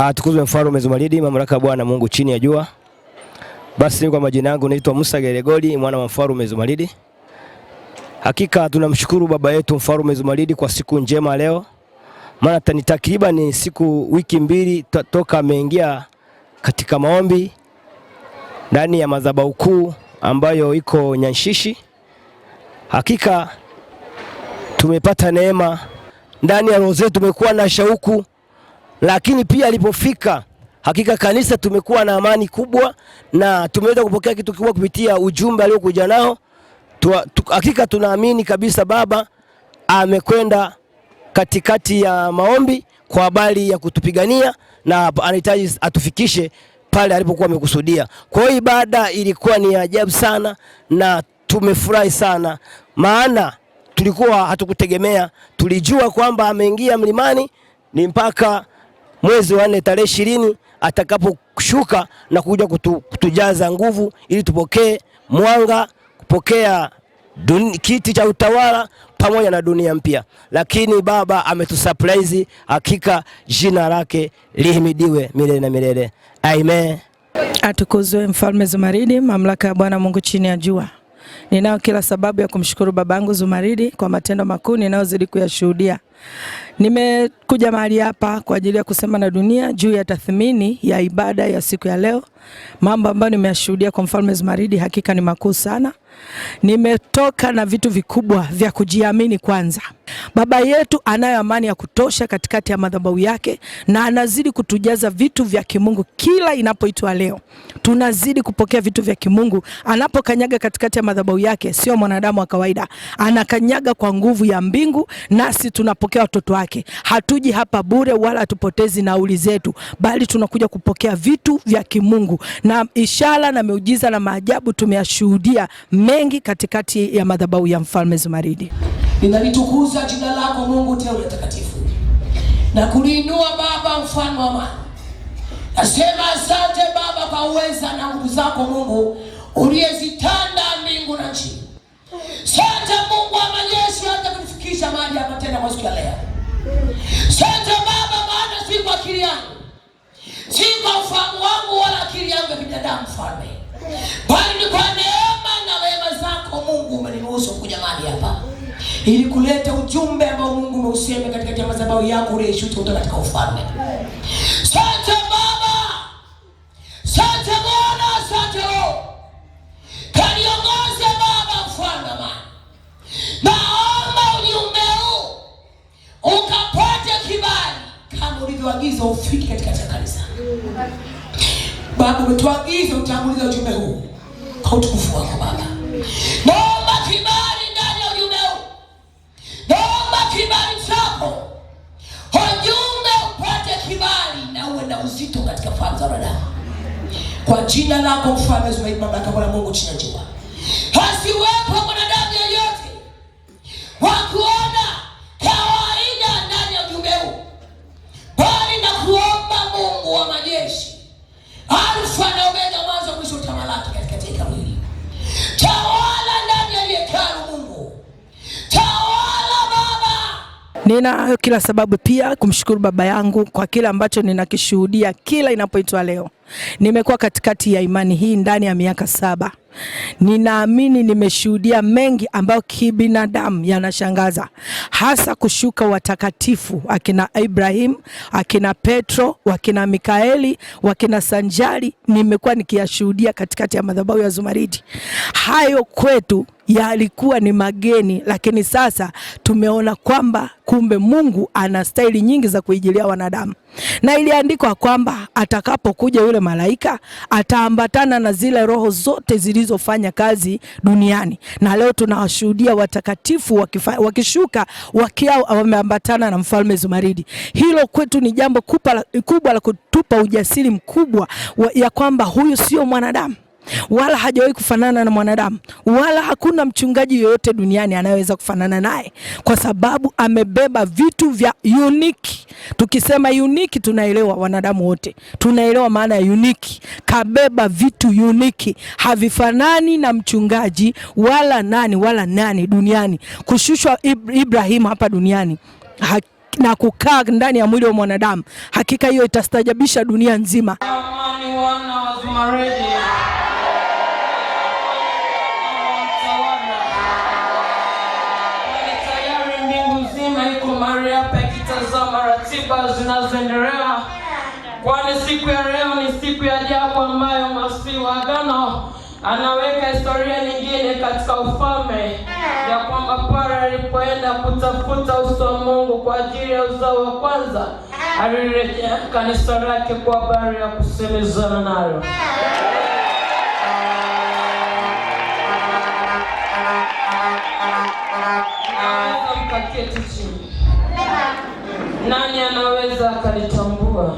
Atukuzwe ah, mfalme Zumaridi, mamlaka ya Bwana Mungu chini ya jua. Basi kwa majina yangu naitwa Musa Geregoli mwana wa mfalme Zumaridi. Hakika tunamshukuru baba yetu mfalme Zumaridi kwa siku njema leo, maana tani takriban siku wiki mbili toka ameingia katika maombi ndani ya madhabahu kuu ambayo iko Nyanshishi. Hakika tumepata neema ndani ya roho zetu, tumekuwa na shauku lakini pia alipofika hakika kanisa tumekuwa na amani kubwa na tumeweza kupokea kitu kikubwa kupitia ujumbe aliokuja nao. Hakika tunaamini kabisa baba amekwenda katikati ya maombi kwa habari ya kutupigania na anahitaji atufikishe pale alipokuwa amekusudia. Kwa hiyo ibada ilikuwa ni ajabu sana na tumefurahi sana, maana tulikuwa hatukutegemea. Tulijua kwamba ameingia mlimani ni mpaka mwezi wa nne tarehe ishirini atakaposhuka na kuja kutu, kutujaza nguvu ili tupokee mwanga kupokea duni, kiti cha utawala pamoja na dunia mpya. Lakini Baba ametusurprise, hakika jina lake lihimidiwe milele na milele. Amen. Atukuzwe Mfalme Zumaridi, mamlaka ya Bwana Mungu chini ya jua. Ninayo kila sababu ya kumshukuru babangu Zumaridi kwa matendo makuu ninayozidi kuyashuhudia. Nimekuja mahali hapa kwa ajili ya kusema na dunia juu ya tathmini ya ibada ya siku ya leo. Mambo ambayo nimeyashuhudia kwa Mfalme Zumaridi hakika ni makuu sana. Nimetoka na vitu vikubwa vya kujiamini kwanza. Baba yetu anayo amani ya kutosha katikati ya madhabahu yake na anazidi kutujaza vitu vya kimungu kila inapoitwa leo. Tunazidi kupokea vitu vya kimungu anapokanyaga katikati ya madhabahu yake, sio mwanadamu wa kawaida. Anakanyaga kwa nguvu ya mbingu nasi tunapokea watoto wake. Hatuji hapa bure wala hatupotezi nauli zetu, bali tunakuja kupokea vitu vya kimungu na ishara na miujiza na maajabu tumeyashuhudia mengi katikati ya madhabahu ya Mfalme Zumaridi. Ninalitukuza jina lako Mungu teule takatifu na kuliinua Baba, mfano wa amani. Nasema asante Baba kwa uweza na nguvu zako Mungu uliyezitanda mbingu na nchi. Sante Mungu wa majeshi hata kunifikisha mahali hapa tena kwa siku ya leo. Sante Baba, maana si kwa akili yangu, si kwa ufahamu wangu wala akili yangu ya binadamu Mfalme, bali ni kwa neema na wema zako Mungu umeniruhusu kuja mahali hapa ili kulete ujumbe ambao Mungu umeusema katika ya madhabahu yako uliyeshuti kutoka katika ufalme. Sante Baba, sante Bwana, sante Roho, kaniongoze Baba mfalme wa Naomba ujumbe huu ukapate kibali kama ulivyoagiza ufike katika ya kanisa. Baba, umetuagiza utanguliza ujumbe huu kwa utukufu wako Baba. uzito katika fahamu za wanadamu. Kwa jina lako mfalme zumaidi mamlaka kwa Mungu chini ya jua. Hasiwepo mwanadamu yeyote wa kuona kawaida ndani ya ujumbe huu. Bali na kuomba Mungu wa majeshi Alfa na Omega Nina kila sababu pia kumshukuru baba yangu kwa kile ambacho ninakishuhudia kila inapoitwa leo. Nimekuwa katikati ya imani hii ndani ya miaka saba. Ninaamini nimeshuhudia mengi ambayo kibinadamu yanashangaza, hasa kushuka watakatifu akina Ibrahim, akina Petro, wakina Mikaeli, wakina Sanjari. Nimekuwa nikiyashuhudia katikati ya madhabahu ya Zumaridi. Hayo kwetu yalikuwa ni mageni, lakini sasa tumeona kwamba kumbe Mungu ana staili nyingi za kuijilia wanadamu na iliandikwa kwamba atakapokuja yule malaika ataambatana na zile roho zote zilizofanya kazi duniani, na leo tunawashuhudia watakatifu wakishuka wakia wameambatana na mfalme Zumaridi. Hilo kwetu ni jambo kubwa la kutupa ujasiri mkubwa ya kwamba huyu sio mwanadamu wala hajawahi kufanana na mwanadamu, wala hakuna mchungaji yoyote duniani anayeweza kufanana naye, kwa sababu amebeba vitu vya unique. Tukisema unique, tunaelewa wanadamu wote tunaelewa maana ya unique. Kabeba vitu unique, havifanani na mchungaji wala nani wala nani duniani. Kushushwa Ibrahim hapa duniani ha na kukaa ndani ya mwili wa mwanadamu, hakika hiyo itastajabisha dunia nzima. ratiba zinazoendelea, kwani siku ya leo ni siku ya ajabu ambayo masihi wa agano anaweka historia nyingine katika ufalme, ya kwamba pale alipoenda kutafuta uso wa Mungu kwa ajili ya uzao wa kwanza, alirejea kanisa lake kwa habari ya kusemezana nayo. Mkaketi chini nani anaweza akalitambua?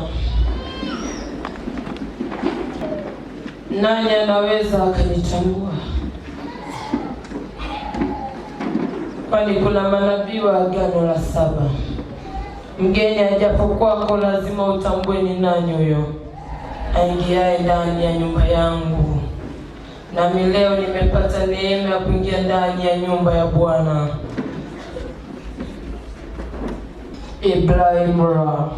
Nani anaweza akalitambua? Kwani kuna manabii wa agano la saba. Mgeni ajapo kwako, lazima utambue ni nani huyo aingiaye ndani ya nyumba yangu. Nami leo nimepata neema ya kuingia ndani ya nyumba ya Bwana. Ibrahim Ra.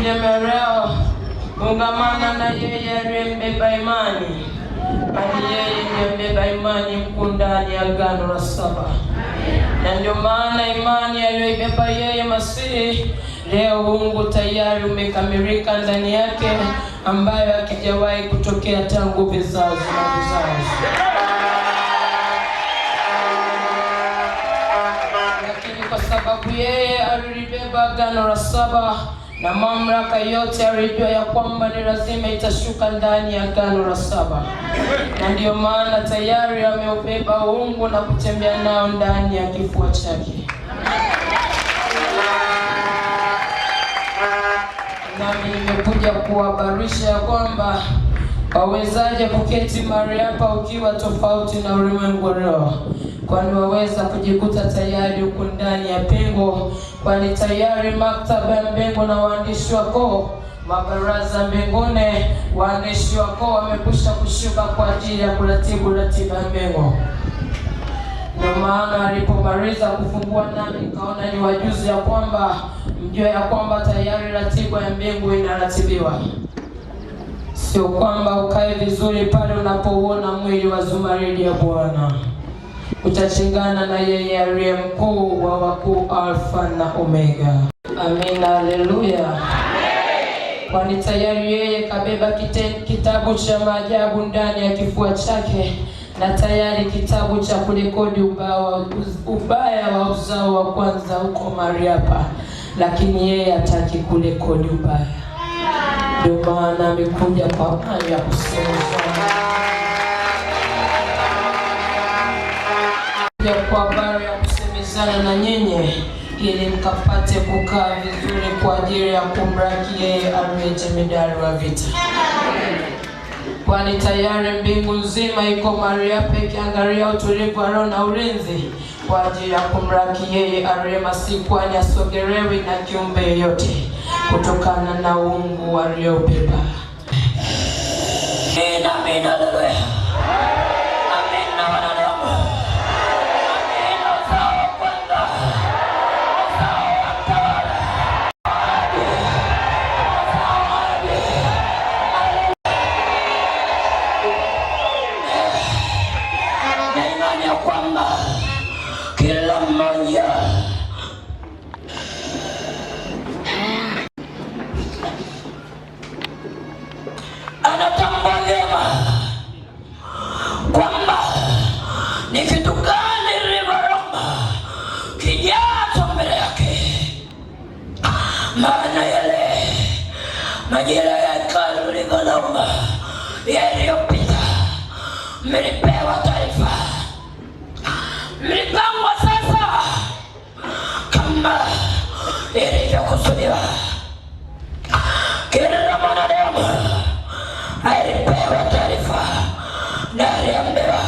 Nyemeleo ungamana na yeye aliyembeba imani, bali yeye aliyembeba imani mkuu ndani ya agano la saba, na ndio maana imani aliyoibeba yeye Masihi Leo uungu tayari umekamilika ndani yake, ambayo akijawahi kutokea tangu vizazi na vizazi. Lakini kwa sababu yeye alilibeba agano la saba na mamlaka yote, alijua ya kwamba ni lazima itashuka ndani ya agano la saba, na ndiyo maana tayari ameubeba uungu na kutembea nao ndani ya kifua chake. nami nimekuja kuhabarisha kwamba wawezaje kuketi mahali hapa ukiwa tofauti na ulimwengu wa roho, kwani waweza kujikuta tayari huku ndani ya pengo, kwani tayari maktaba ya mbingu na waandishi wako mabaraza mbinguni, waandishi wako wamekwisha kushuka kwa ajili ya kuratibu ratiba ya mbingu. Ndio maana alipomaliza kufungua nami nikaona ni wajuzi ya kwamba mjua ya kwamba tayari ratiba ya mbingu inaratibiwa. Sio kwamba ukae vizuri pale unapouona mwili wa Zumaridi ya Bwana, utachingana na yeye aliye mkuu wa wakuu, Alfa na Omega. Amina, haleluya. Kwani tayari yeye kabeba kitabu cha maajabu ndani ya kifua chake na tayari kitabu cha kurekodi ubaya wa uzao wa kwanza huko mariapa lakini yeye hataki kurekodi ubaya. Ndio maana amekuja kwa haya kusemezana, kwa habari ya kusemezana na nyenye, ili mkapate kukaa vizuri kwa ajili ya kumraki yeye amri jemadari wa vita kwani tayari mbingu nzima iko mahali peke ikiangalia utulivu roho na ulinzi kwa ajili ya kumraki yeye aliye masihi, kwani asogelewi na kiumbe yeyote kutokana na uungu waliobeba Amina, amina, haleluya. Majira ya kanuni Dodoma yaliyopita, mlipewa taarifa, mlipangwa sasa kama ilivyokusudiwa. Kila mwanadamu alipewa taarifa na aliambiwa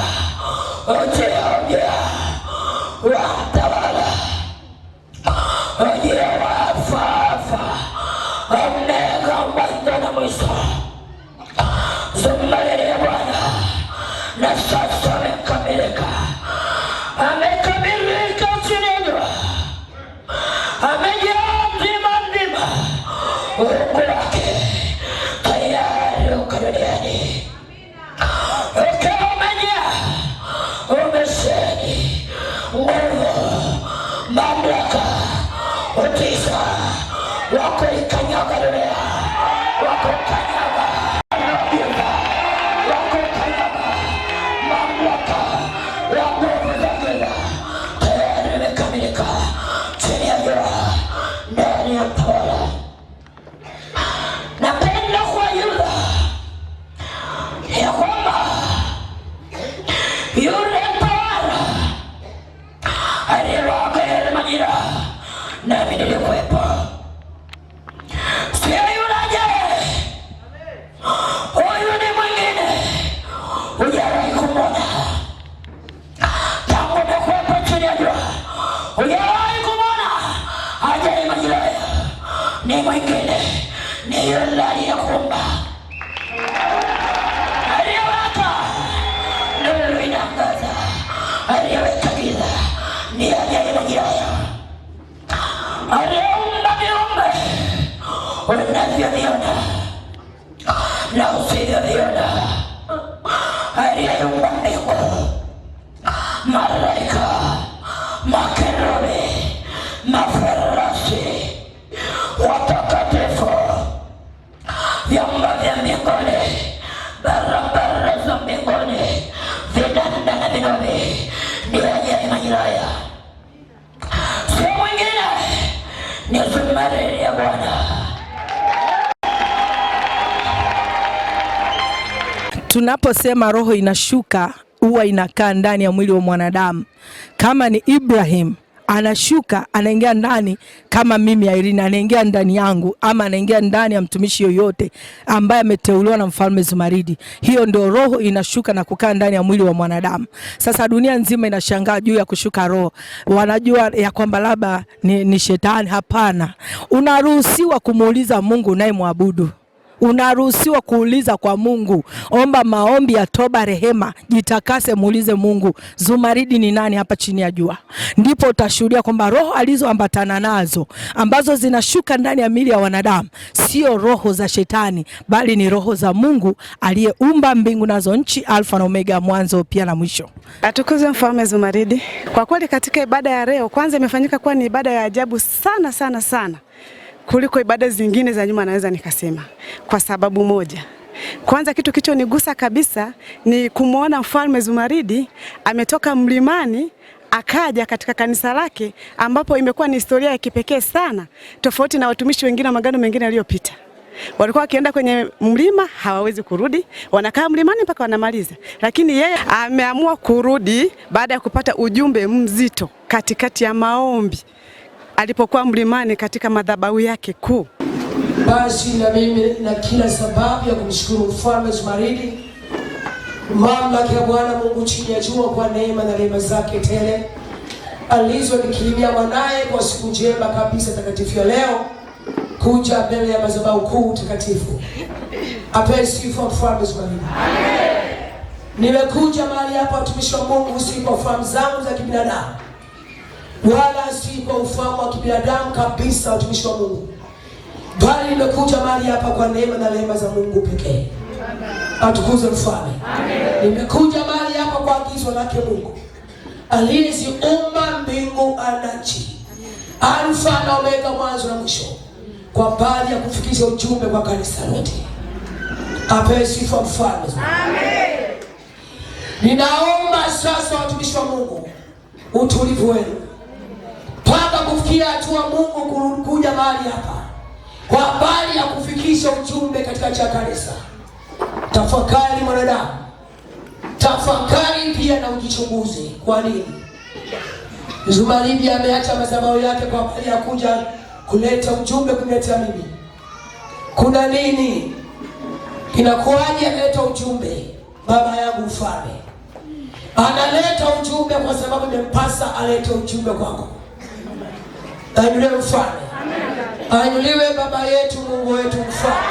watawala ujia wafafa uwezo. Zumbalia Bwana na sasa amekamilika, amekamilika sineno, amejaa mzima mzima urungu wake tayari uko duniani, ukiwa umejaa umesheheni nguvu, mamlaka, utiza wako ikanyaga dunia Lo tunaposema roho inashuka huwa inakaa ndani ya mwili wa mwanadamu. Kama ni Ibrahim anashuka anaingia ndani, kama mimi Irene anaingia ndani yangu, ama anaingia ndani ya mtumishi yoyote ambaye ameteuliwa na mfalme Zumaridi. Hiyo ndio roho inashuka na kukaa ndani ya mwili wa mwanadamu. Sasa dunia nzima inashangaa juu ya kushuka roho, wanajua ya kwamba labda ni, ni shetani. Hapana, unaruhusiwa kumuuliza Mungu unayemwabudu unaruhusiwa kuuliza kwa Mungu, omba maombi ya toba, rehema, jitakase, muulize Mungu Zumaridi ni nani hapa chini ya jua, ndipo utashuhudia kwamba roho alizoambatana nazo ambazo zinashuka ndani ya mili ya wanadamu sio roho za shetani, bali ni roho za Mungu aliyeumba mbingu nazo nchi, Alfa na Omega, mwanzo pia na mwisho. Atukuzwe Mfalme Zumaridi. Kwa kweli katika ibada ya leo kwanza imefanyika kuwa ni ibada ya ajabu sana sana sana kuliko ibada zingine za nyuma, naweza nikasema kwa sababu moja. Kwanza kitu kichonigusa kabisa ni kumwona Mfalme Zumaridi ametoka mlimani akaja katika kanisa lake ambapo imekuwa ni historia ya kipekee sana, tofauti na watumishi wengine wa magano mengine yaliyopita. Walikuwa wakienda kwenye mlima hawawezi kurudi, wanakaa mlimani mpaka wanamaliza, lakini yeye ameamua kurudi baada ya kupata ujumbe mzito katikati ya maombi alipokuwa mlimani katika madhabahu yake kuu. Basi na mimi na kila sababu ya kumshukuru mfalme Zumaridi, mamlaka ya Bwana Mungu chini ya jua, kwa neema na rehema zake tele alizonikirimia mwanaye kwa siku njema kabisa takatifu ya leo kuja mbele ya madhabahu kuu takatifu. Apewe sifa mfalme Zumaridi. Nimekuja mahali hapa, watumishi wa Mungu, si kwa fahamu zangu za kibinadamu wala si kwa ufahamu wa kibinadamu kabisa, watumishi wa Mungu, bali nimekuja mahali hapa kwa neema na rehema za Mungu pekee. Atukuze Mfalme. Nimekuja mahali hapa kwa agizo lake Mungu aliyeziumba mbingu anachi Alfa na Omega, mwanzo na mwisho, kwa baadhi ya kufikisha ujumbe kwa kanisa lote. Apewe sifa Mfalme. Amen. Ninaomba sasa, watumishi wa Mungu, utulivu wenu mpaka kufikia hatua Mungu kuja mahali hapa kwa habari ya kufikisha ujumbe katika cha kanisa. Tafakari mwanadamu, tafakari pia na ujichunguze. Kwa nini Zuma ameacha madhabahu yake kwa habari ya kuja kuleta ujumbe kuniletea mimi? Kuna nini? Inakuwaje aleta ujumbe baba yangu mfalme analeta ujumbe kwa sababu imempasa alete ujumbe kwako. Ainuliwe mfalme, ainuliwe baba yetu, Mungu wetu mfalme.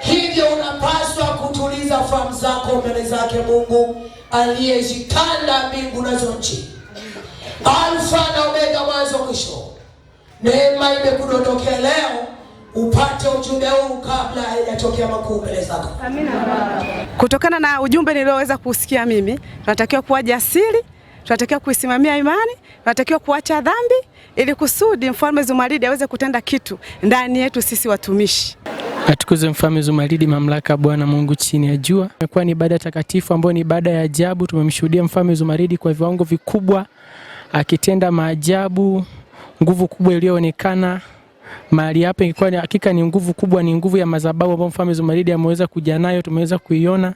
Hivyo unapaswa kutuliza fahamu zako mbele zake Mungu aliyezitanda mbingu nazo nchi, Alfa na Omega, mwanzo mwisho. Neema imekudondokea leo upate ujumbe huu kabla haijatokea makuu mbele zako. Amina. Kutokana na ujumbe nilioweza kusikia mimi, natakiwa kuwa jasiri tunatakiwa kuisimamia imani, tunatakiwa kuacha dhambi ili kusudi Mfalme Zumaridi aweze kutenda kitu ndani yetu sisi watumishi. Atukuze Mfalme Zumaridi, mamlaka Bwana Mungu chini ya jua. Imekuwa ni ibada takatifu ambayo ni ibada ya ajabu. Tumemshuhudia Mfalme Zumaridi kwa viwango vikubwa akitenda maajabu, nguvu kubwa iliyoonekana mahali hapa. ni hakika ni nguvu kubwa, ni nguvu ya madhabahu ambayo Mfalme Zumaridi ameweza kuja nayo, tumeweza kuiona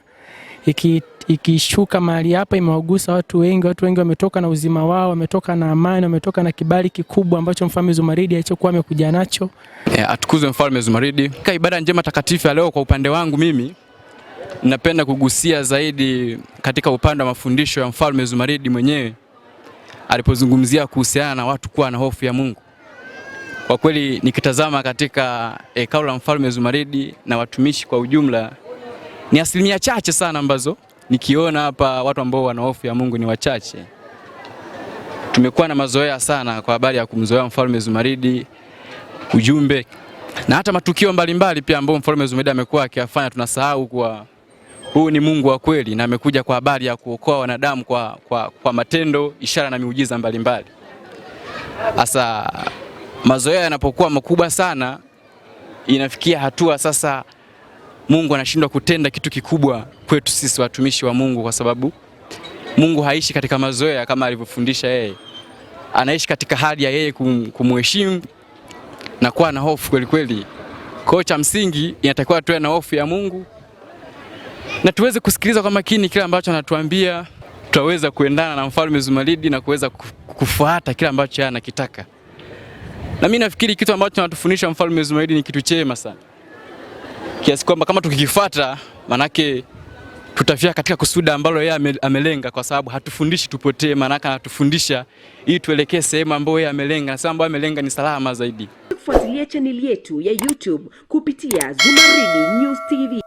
iki ikishuka mahali hapa, imewagusa watu wengi. Watu wengi wametoka na uzima wao, wametoka na amani, wametoka na kibali kikubwa ambacho mfalme Zumaridi alichokuwa amekuja nacho. Yeah, atukuzwe mfalme Zumaridi. Kwa ibada njema takatifu ya leo, kwa upande wangu mimi napenda kugusia zaidi katika upande wa mafundisho ya mfalme Zumaridi mwenyewe alipozungumzia kuhusiana na watu kuwa na hofu ya Mungu. Kwa kweli nikitazama katika hekalu la mfalme Zumaridi na watumishi kwa ujumla, ni asilimia chache sana ambazo nikiona hapa watu ambao wana hofu ya Mungu ni wachache. Tumekuwa na mazoea sana kwa habari ya kumzoea Mfalme Zumaridi, ujumbe na hata matukio mbalimbali pia ambayo Mfalme Zumaridi amekuwa akiyafanya, tunasahau kuwa huu ni Mungu wa kweli na amekuja kwa habari ya kuokoa wanadamu kwa, kwa, kwa matendo, ishara na miujiza mbalimbali. Sasa mazoea yanapokuwa makubwa sana, inafikia hatua sasa Mungu anashindwa kutenda kitu kikubwa kwetu sisi watumishi wa Mungu, kwa sababu Mungu haishi katika mazoea kama alivyofundisha yeye, anaishi katika hali ya yeye kumheshimu na kuwa na hofu kweli kweli. Kwa cha msingi inatakiwa tuwe na hofu ya Mungu na tuweze kusikiliza kwa makini kile ambacho anatuambia, tutaweza kuendana na Mfalme Zumaridi na kuweza kufuata kile ambacho yeye anakitaka. Na mimi nafikiri kitu ambacho anatufundisha Mfalme Zumaridi ni kitu chema sana kiasi kwamba kama tukikifuata, manake tutafia katika kusudi ambalo yeye amelenga, kwa sababu hatufundishi tupotee, maanake anatufundisha ili tuelekee sehemu ambayo yeye amelenga, na sehemu ambayo amelenga ni salama zaidi. Fuatilia chaneli yetu ya YouTube kupitia Zumaridi News TV.